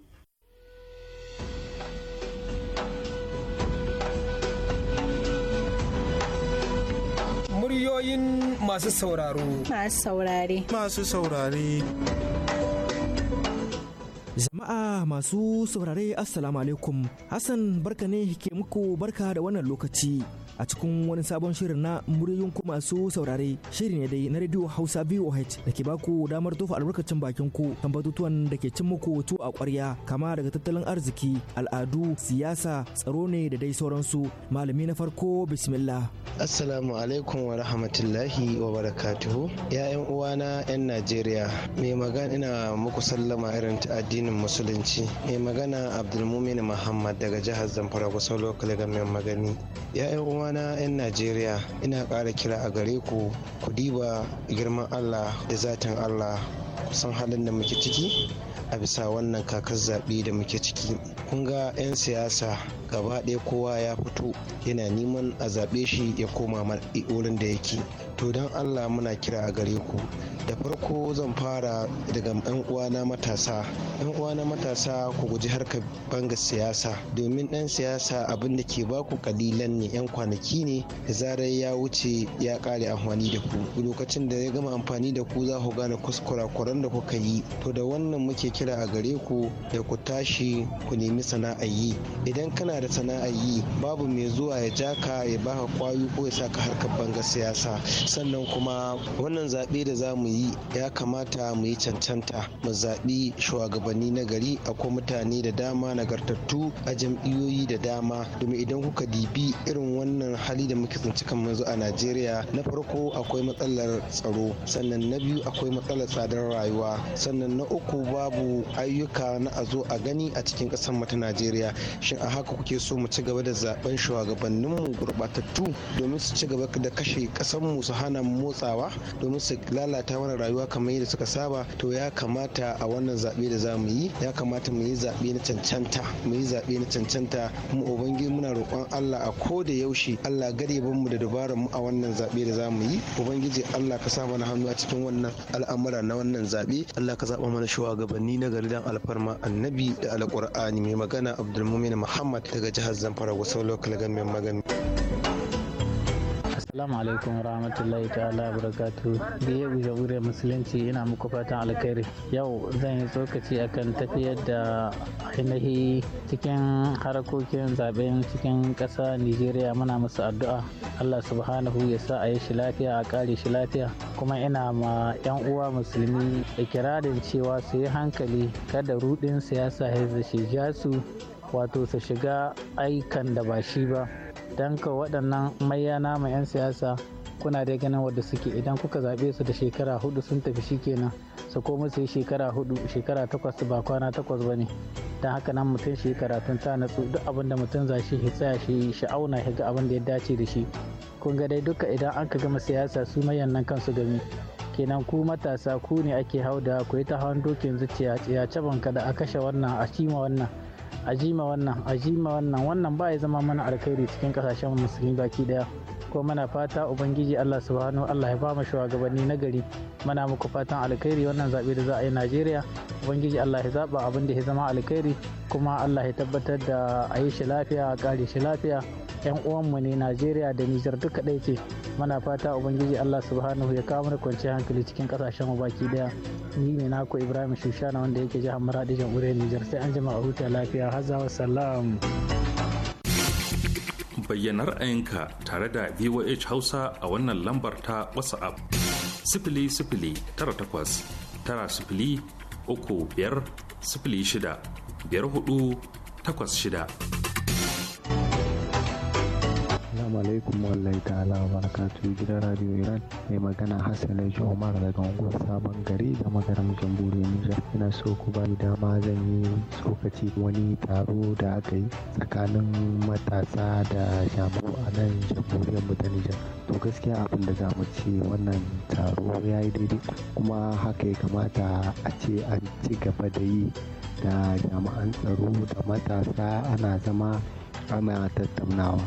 Speaker 1: muryoyin masu sauraro.
Speaker 5: Masu saurare. Masu saurare.
Speaker 4: Jama'a masu saurare Assalamu alaikum. Hassan barka ne ke muku barka da wannan lokaci. a cikin wani sabon shirin na muryoyin ku masu saurare shiri ne dai na radio hausa voh da ke baku damar tofa albarkacin bakin ku kan batutuwan da ke cin muku tu a kwarya kama daga tattalin arziki al'adu siyasa tsaro ne da dai sauransu malami na farko bismillah
Speaker 8: assalamu alaikum wa rahmatullahi wa barakatuhu ya'yan na 'yan najeriya mai magana ina muku sallama irin ta addinin musulunci mai magana abdulmumin muhammad daga jihar zamfara kusa lokal gamin magani ya'yan uwa uwana 'yan najeriya ina ƙara kira a gare ku ku diba girman allah da zatin allah kusan halin da muke ciki a bisa wannan kakar zaɓe da muke ciki kun ga 'yan siyasa gaba ɗaya kowa ya fito yana neman a zaɓe shi ya koma wurin da yake to don allah muna kira a gare ku da farko zan fara daga 'yan uwana matasa 'yan uwana matasa ku guji harkar banga siyasa domin ɗan siyasa abin da ke baku kalilan ne 'yan kwanaki ne da zarar ya wuce ya kare amfani da ku lokacin da ya gama amfani da ku za ku gane kuskura kuskurakuran da kuka yi to da wannan muke kira a gare ku da ku tashi ku nemi sana'ar yi idan kana da sana'ar yi babu mai zuwa ya ja ka ya baka kwayo ko ya saka harkar bangar siyasa sannan kuma wannan zaɓe da za mu yi ya kamata mu yi cancanta mu zaɓi shugabanni na gari akwai mutane da dama nagartattu a jam'iyyoyi da dama domin idan kuka dibi irin wannan hali da muke tsinci kan yanzu a najeriya na farko akwai matsalar tsaro sannan na biyu akwai matsalar tsadar rayuwa sannan na uku babu ayyuka na a zo a gani a cikin kasar mu ta Najeriya shin a haka kuke so mu ci gaba da zaben shugabannin mu gurbatattu domin su ci gaba da kashe kasar mu su hana motsawa domin su lalata wani rayuwa kamar yadda suka saba to ya kamata a wannan zaɓe da za mu yi ya kamata mu yi zaɓe na cancanta mu yi zaɓe na cancanta mu ubangi muna roƙon Allah a ko da yaushe Allah gare mu da dabarar mu a wannan zaɓe da za mu yi ubangiji Allah ka sa mana hannu a cikin wannan al'amura na wannan zaɓe Allah ka zaɓa mana shugabanni na gari dan alfarma annabi da alƙur'ani mai magana abdulmumin muhammad daga jihar zamfara wasu lokal gamin magani
Speaker 9: Assalamu alaikum wa rahmatullahi ta'ala wa barakatu. Biye jamhuriyar musulunci ina muku fatan alkhairi. Yau zan yi tsokaci akan tafiyar da ainihi cikin harakokin zaben cikin ƙasa Nijeriya muna musu addu'a. Allah subhanahu ya sa a yi shi lafiya a kare shi lafiya. Kuma ina ma 'yan uwa musulmi ikirarin cewa su yi hankali kada rudin siyasa ya shi jasu wato su shiga aikan da ba shi ba. don ka waɗannan mayyana ma 'yan siyasa kuna da ganin wadda suke idan kuka zaɓe su da shekara hudu sun tafi shikenan su ko musu shekara hudu shekara takwas ba kwana takwas ba ne don haka nan mutum shi karatun ta natsu duk abin mutum za shi ya tsaya shi sha'auna ya ga abin da ya dace da shi kun ga dai duka idan an ka gama siyasa su mayan nan kansu gami kenan ku matasa ku ne ake hau da ku yi ta hawan dokin zuciya ya caban ka da a kashe wannan a cima wannan ajima wannan ajima wannan wannan ba ya zama mana alkhairi cikin kasashen musulmi baki daya ko mana fata ubangiji Allah subhanahu Allah ya ba mu shugabanni na gari mana muku fatan alkhairi wannan zabe da za a yi Najeriya ubangiji Allah ya zaba abin da ya zama alkhairi kuma Allah ya tabbatar da a yi shi lafiya a kare shi lafiya yan uwanmu ne najeriya da nijar duka ɗaya ce muna fata ubangiji allah subhanahu ya kawo mana kwanciya hankali cikin ƙasashen mu baki daya ni ne nako ibrahim shushana wanda yake jihar maradi jamhuriyar nijar sai an jima a huta lafiya hazawa salam
Speaker 3: bayyana ra'ayinka tare da voh hausa a wannan lambar ta whatsapp sifili sifili tara takwas tara sifili uku biyar sifili shida biyar hudu takwas shida
Speaker 10: Assalamu alaikum wallahi ta'ala wa barakatu gidan Radio Iran mai magana Hassan Laji Umar daga unguwar Sabon Gari da magaram Jamhuriyar Nijar. Ina so ku bani dama zan yi tsokaci wani taro da aka yi tsakanin matasa da jami'u a nan Jamhuriyar mu ta Nijar. To gaskiya abin da za mu ce wannan taro ya yi daidai kuma haka ya kamata a ce an ci gaba da yi da jami'an tsaro da matasa ana zama ana tattaunawa.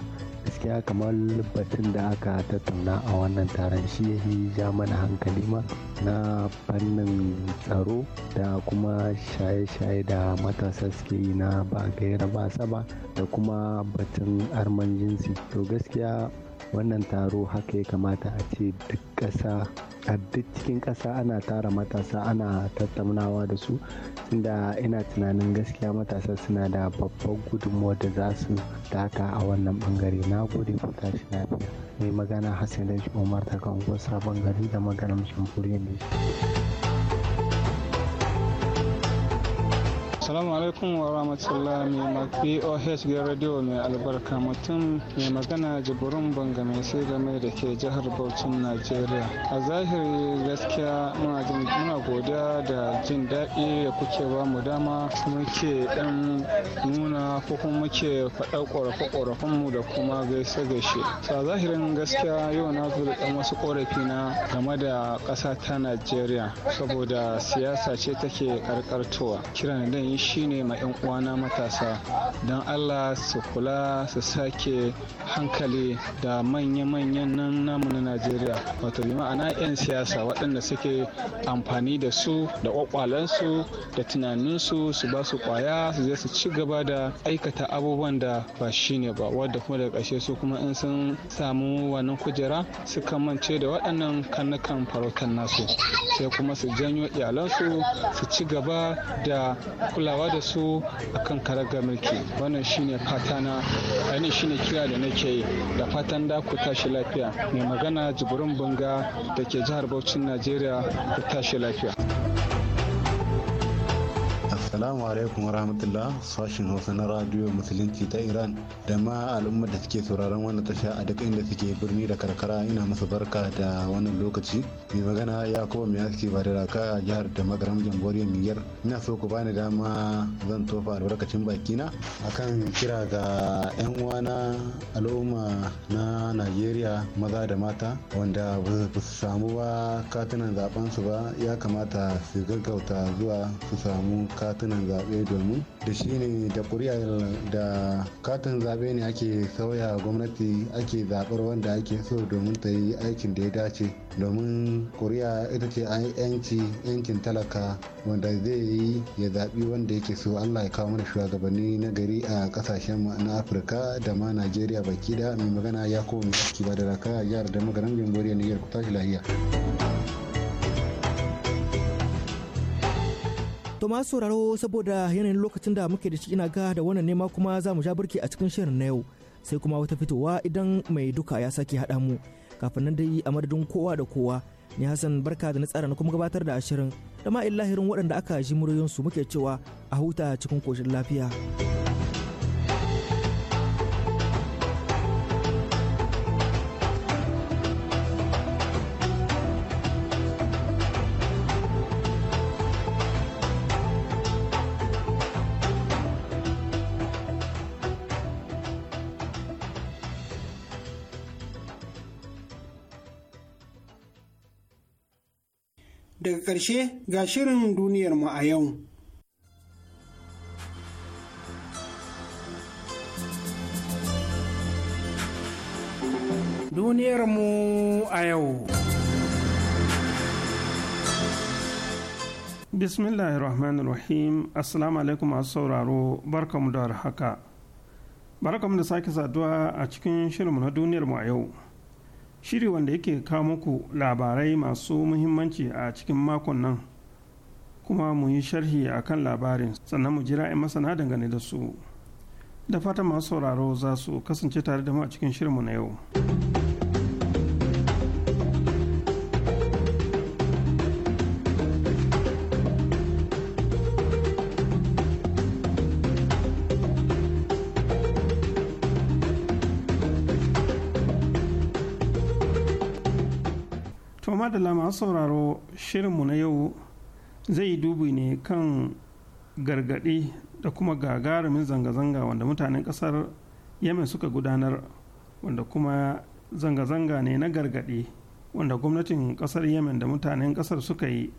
Speaker 10: gaskiya kamar batun da aka tattauna a wannan taron shi ya ja mana hankali ma na fannin tsaro da kuma shaye-shaye da matasa suke yi na ba gaira ba saba da kuma batun arman jinsi to gaskiya wannan taro haka ya kamata a ce duk ƙasa a duk cikin ƙasa ana tara matasa ana tattaunawa da su inda ina tunanin gaskiya matasa suna da babban gudunmuwa da za su taka a wannan bangare na gode ku tashi lafiya mai magana hassan da umar ta kan sabon gari da maganar jamhuriyar nijar
Speaker 2: alaikum wa rahmatullah mai mafi OH ga radio mai albarka mutum mai magana jibirin banga mai sai game da ke jihar Bauchin Najeriya. A zahiri gaskiya muna godiya da jin daɗi da kuke ba mu dama muke ɗan nuna ko kuma muke faɗa ƙorafe-ƙorafen da kuma gaishe-gaishe. Sa zahirin gaskiya yau na zo da ɗan wasu ƙorafi na game da ƙasa ta Najeriya saboda siyasa ce take ƙarƙartowa. Kiran dan yi ne ma 'yan uwana matasa don allah su kula su sake hankali da manya-manyan nan namu na najeriya wato bi ma'ana 'yan siyasa waɗanda suke amfani da su da kwakwalensu da tunaninsu su ba su kwaya su je su ci gaba da aikata abubuwan da ba shi ne ba wadda kuma da ƙarshe su kuma in sun samu wannan kujera su mance da waɗannan kannukan farautar nasu sai kuma su janyo iyalansu su ci gaba da kulawa da su akan karagar mulki wannan shine fata na ainihin shine kira da nake da fatan da ku tashi lafiya mai magana jibrin banga da ke jihar Bauchin Najeriya ku tashi lafiya. Assalamu
Speaker 10: alaikum warahmatullah sashin Hausa na Radio Musulunci ta Iran da ma al'ummar da suke sauraron wannan tasha a duk inda suke birni da karkara ina masa barka da wannan lokaci. Mai magana ya kowa mai aski ba da raka jihar da magaram jamhuriyar Niger. Ina so ku bani dama zan tofa albarkacin bakina kan kira ga 'yan uwana al'umma na Najeriya maza da mata wanda ba su samu ba katunan zaben su ba ya kamata su gaggauta zuwa su samu katunan wannan zaɓe domin da shi ne da ƙuri'ar da katin zaɓe ne ake sauya gwamnati ake zaɓar wanda ake so domin ta yi aikin da ya dace domin ƙuri'a ita ce yanci yankin talaka wanda zai yi ya zaɓi wanda yake so allah ya kawo mana shugabanni na gari a ƙasashen na afirka da ma najeriya baki da mai magana ya kowa mai ba da raka jihar da magaran jamhuriyar niger ku tashi lahiya
Speaker 4: To masu sauraro saboda yanayin lokacin da muke da shi ina ga da wannan nema kuma za mu ja birki a cikin shirin na yau sai kuma wata fitowa idan mai duka ya sake haɗa mu kafin nan dai a madadin kowa da kowa ni Hassan barka da na tsara na kuma gabatar da ashirin da ma illahirin waɗanda aka ji muryoyinsu muke cewa a huta cikin koshin lafiya.
Speaker 1: daga ƙarshe ga shirin duniyarmu a yau
Speaker 5: duniyar mu a yau
Speaker 6: bismillahirrahmanirrahim assalamu alaikum masu sauraro barkamu da haka barkamu da sake saduwa a cikin shirinmu na duniyarmu a yau shiri wanda yake kawo muku labarai masu muhimmanci a cikin makon nan kuma mu yi sharhi a kan labarin sannan mu jira in masana dangane da su da fata masu sauraro za su kasance tare da mu a cikin shirinmu na yau. adala masu sauraro shirinmu na yau zai yi dubi ne kan gargaɗi da kuma gagarumin zanga-zanga wanda mutanen ƙasar yemen suka gudanar wanda kuma zanga-zanga ne na gargaɗi wanda gwamnatin ƙasar yemen da mutanen ƙasar suka yi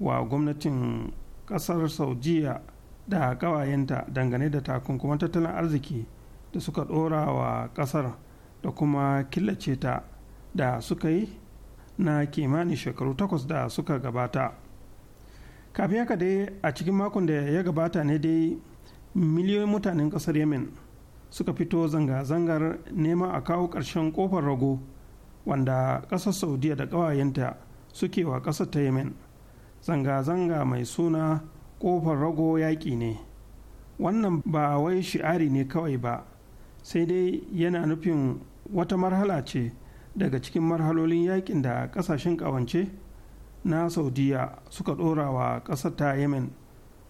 Speaker 6: wa gwamnatin ƙasar saudiya da ƙawayenta dangane da takunkuman tattalin arziki da suka ɗora wa ƙasar da kuma killace ta da suka yi na kimanin shekaru takwas da suka gabata kafin haka dai a cikin makon da ya gabata ne dai miliyoyin mutanen kasar yemen suka fito zanga-zangar nema a kawo ƙarshen kofar rago wanda ƙasar saudiya da ƙawayenta suke wa ƙasar ta yemen zanga-zanga mai suna ƙofar rago yaƙi ne wannan ba wai shi'ari ne kawai ba sai dai yana nufin wata marhala ce daga cikin marhalolin yakin da kasashen kawance na saudiya suka dora wa kasar ta yemen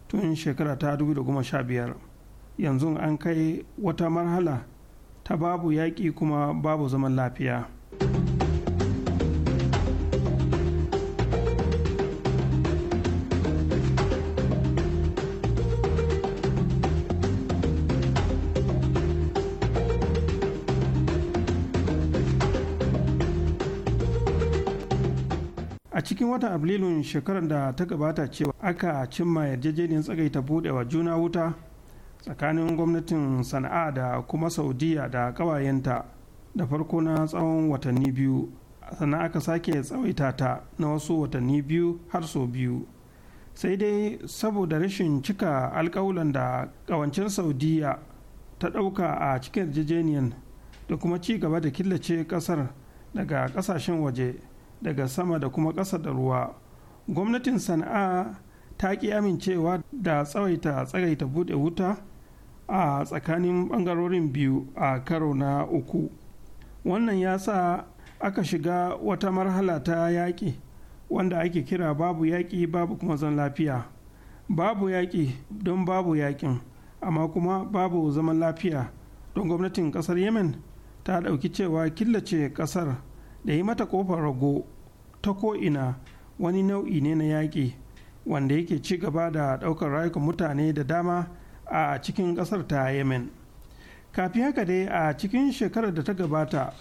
Speaker 6: tun shekara ta 2015 yanzu an kai wata marhala ta babu yaƙi kuma babu zaman lafiya. watan Afrilun shekarar da ta gabata cewa aka cimma yarjejeniyar tsagaita wa juna wuta tsakanin gwamnatin sana'a da kuma saudiya da ƙawayenta da farko na tsawon watanni biyu sannan aka sake tsawaita ta na wasu watanni biyu har sau biyu sai dai saboda rashin cika alkawulan da kawancin saudiya ta ɗauka a cikin yarjejeniyar da kuma ci gaba da killace ƙasar daga ƙasashen waje daga sama da kuma ƙasa da ruwa gwamnatin sana'a ta ƙi amincewa da tsawaita tsagaita buɗe wuta a tsakanin ɓangarorin biyu a karo na uku wannan ya sa aka shiga wata marhala ta yaƙi wanda ake kira babu yaƙi babu kuma zan lafiya babu yaƙi don babu yaƙin amma kuma babu zaman lafiya don gwamnatin ƙasar yemen ta ɗauki cewa killace ƙasar da yi mata kofar rago ta ko'ina wani nau'i ne na yaƙi wanda yake ci gaba da ɗaukar rayukan mutane da dama a cikin ƙasar ta yemen kafin haka dai a cikin shekarar da ta gabata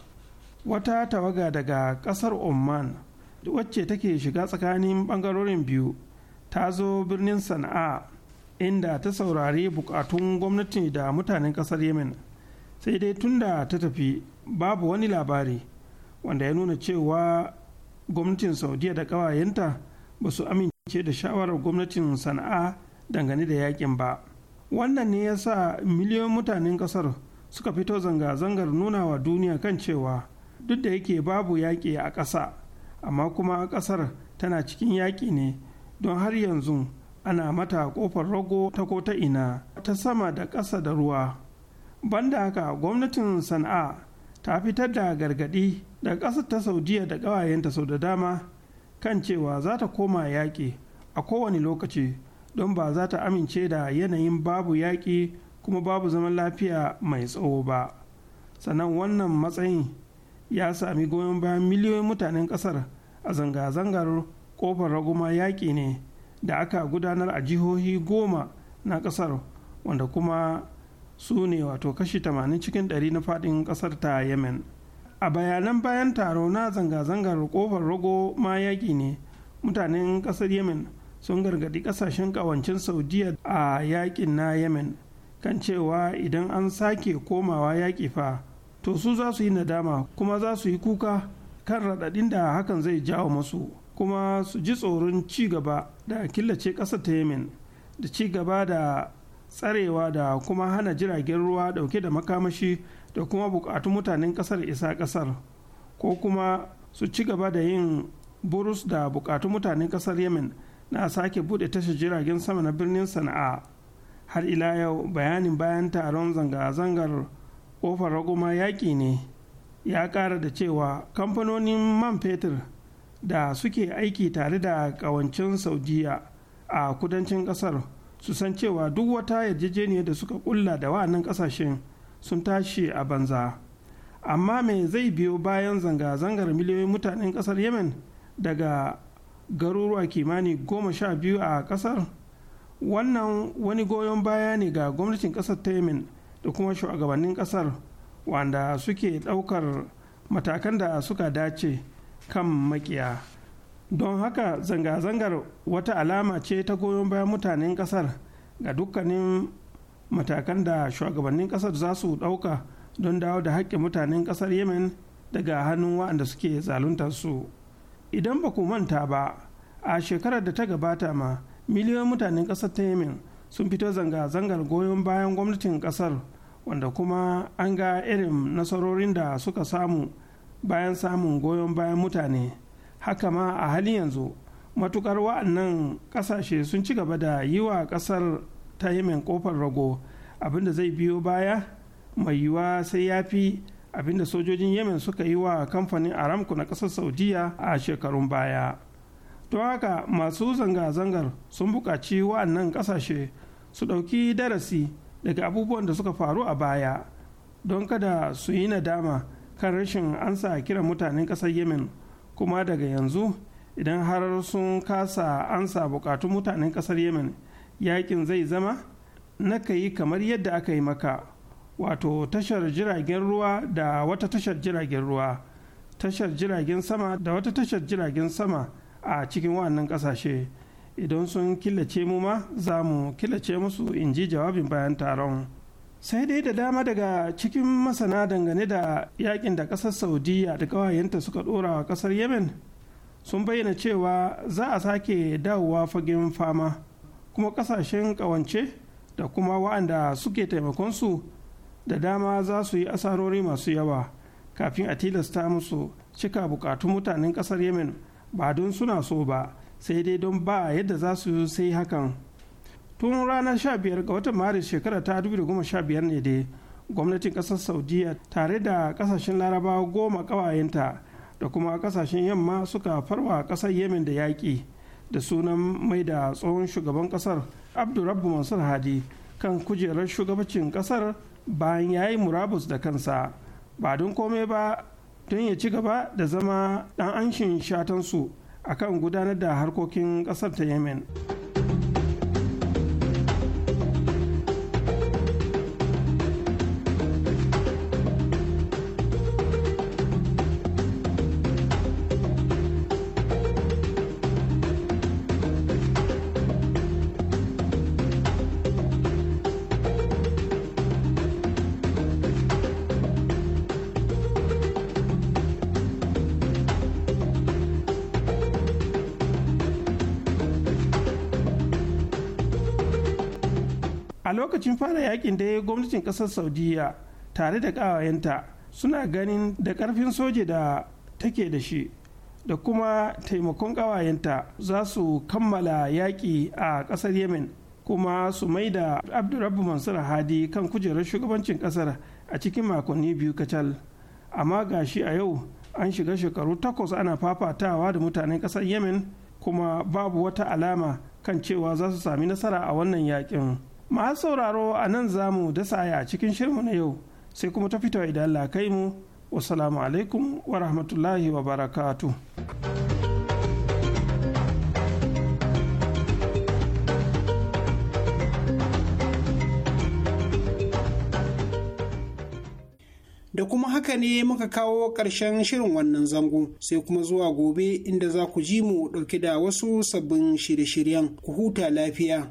Speaker 6: wata tawaga daga ƙasar oman wacce take shiga tsakanin ɓangarorin biyu ta zo birnin sana'a inda ta saurari bukatun gwamnati da mutanen ƙasar yemen sai dai tunda ta tafi babu wani labari wanda ya nuna cewa gwamnatin saudiya da ƙawayenta ba su amince da shawarar gwamnatin sana'a dangane da yakin ba wannan ne ya sa miliyoyin mutanen ƙasar suka fito zanga-zangar nuna wa duniya kan cewa duk da yake babu yaƙi a ƙasa amma kuma ƙasar tana cikin yaƙi ne don har yanzu ana mata ƙofar rago ta ko ta ina ta sama da ƙasa da ruwa banda haka gwamnatin sana'a ta fitar da gargaɗi da ƙasar ta saudiya da ƙawayenta sau da dama kan cewa za ta koma yaƙi a kowane lokaci don ba za ta amince da yanayin babu yaƙi kuma babu zaman lafiya mai tsawo ba sannan wannan matsayin ya sami goyon bayan miliyoyin mutanen ƙasar a zanga-zangar ƙofar raguma yaƙi ne da aka gudanar a jihohi goma na ƙasar wanda kuma su ne wato kashi 80 cikin 100 na faɗin ƙasar ta yemen a bayanan bayan taro na zanga-zangar kofar rago ma yaƙi ne mutanen ƙasar yemen sun gargaɗi ƙasashen ƙawancin saudiya a yaƙin na yemen kan cewa idan an sake komawa yaƙi fa to su za su yi nadama kuma za su yi kuka kan raɗaɗin da hakan zai jawo masu kuma su ji tsoron ci gaba da killace ƙasa ta yemen da ci gaba da tsarewa da kuma hana jiragen ruwa dauke da makamashi da kuma buƙatu mutanen kasar isa kasar ko kuma su ci gaba da yin burus da bukatu mutanen kasar yemen na sake bude tashar jiragen sama na birnin sana'a har ila yau bayanin bayan taron zanga-zangar kofar ragoma yaƙi ne ya ƙara da cewa kamfanonin man fetur da suke aiki tare da ƙawancin saudiya a kudancin ƙasar su san cewa duk wata yarjejeniyar da suka kulla da wa'annan kasashen sun tashi a banza amma me zai biyo bayan zanga-zangar miliyoyin mutanen kasar yemen daga garuruwa kimani goma sha biyu a kasar wannan wani goyon baya ne ga gwamnatin kasar ta yemen da kuma shugabannin kasar wanda suke daukar matakan da suka dace kan makiya. don haka zanga-zangar wata alama ce ta goyon bayan mutanen kasar ga dukkanin matakan da shugabannin kasar za su ɗauka don dawo da haƙƙin mutanen kasar yemen daga hannun waɗanda suke zaluntar su idan ba ku manta ba a shekarar da ta gabata ma miliyoyin mutanen kasar ta yemen sun fito zanga-zangar goyon bayan gwamnatin kasar wanda kuma an ga irin nasarorin da suka samu bayan samun goyon bayan mutane. haka ma a halin yanzu matukar wa'annan kasashe sun ci gaba da yi wa kasar ta min kofar rago abinda zai biyo baya mai yiwuwa sai ya fi abinda sojojin yemen suka yi wa kamfanin aramku na kasar saudiya a shekarun baya To haka masu zanga-zangar sun buƙaci wa'annan kasashe su ɗauki darasi daga abubuwan da suka faru a baya don kada su yi nadama kan rashin ansa kiran mutanen ƙasar yemen kuma daga yanzu idan har sun kasa ansa bukatun mutanen kasar yemen yakin zai zama na yi kamar yadda aka yi maka wato tashar jiragen ruwa da wata tashar jiragen ruwa tashar jiragen sama da wata tashar jiragen sama a cikin wannan kasashe idan sun killace mu ma za mu killace musu in ji jawabin bayan taron sai dai da dama daga cikin masana dangane da yakin da kasar saudiya da kawayenta suka dora wa kasar yemen sun bayyana cewa za a sake dawowa fagen fama kuma kasashen kawance da kuma wa'anda suke taimakonsu da dama za su yi asarori masu yawa kafin a tilasta musu cika buƙatun mutanen kasar yemen ba don suna so ba sai dai don ba yadda za su sai hakan tun ranar 15 ga watan maris shekara ta 2015 ne dai gwamnatin kasar saudiya tare da kasashen larabawa goma kawayenta da kuma kasashen yamma suka farwa kasar yemen da yaƙi da sunan mai da tsohon shugaban kasar abdurrabbu mansur hadi kan kujerar shugabancin kasar bayan ya yi murabus da kansa ba don komai ba don ya ci gaba da zama dan anshin shatansu akan gudanar da harkokin kasar ta yemen. lokacin fara yakin da gwamnatin kasar saudiya tare da ƙawayenta suna ganin da ƙarfin soja da take da shi da kuma taimakon ƙawayenta za su kammala yaƙi a ƙasar yemen kuma su mai da abdurrabu mansur hadi kan kujerar shugabancin ƙasar a cikin makonni biyu kacal amma gashi a yau an shiga shekaru takwas ana fafatawa da mutanen ƙasar yemen kuma babu wata alama kan cewa za su sami nasara a wannan yakin. masu sauraro a nan za mu dasa a cikin mu na yau sai kuma ta fito idan Allah kai mu wasalamu alaikum wa rahmatullahi wa barakatu.
Speaker 1: da kuma haka ne muka kawo ƙarshen shirin wannan zango sai kuma zuwa gobe inda za ku ji mu ɗauke da wasu sabbin shirye-shiryen ku huta lafiya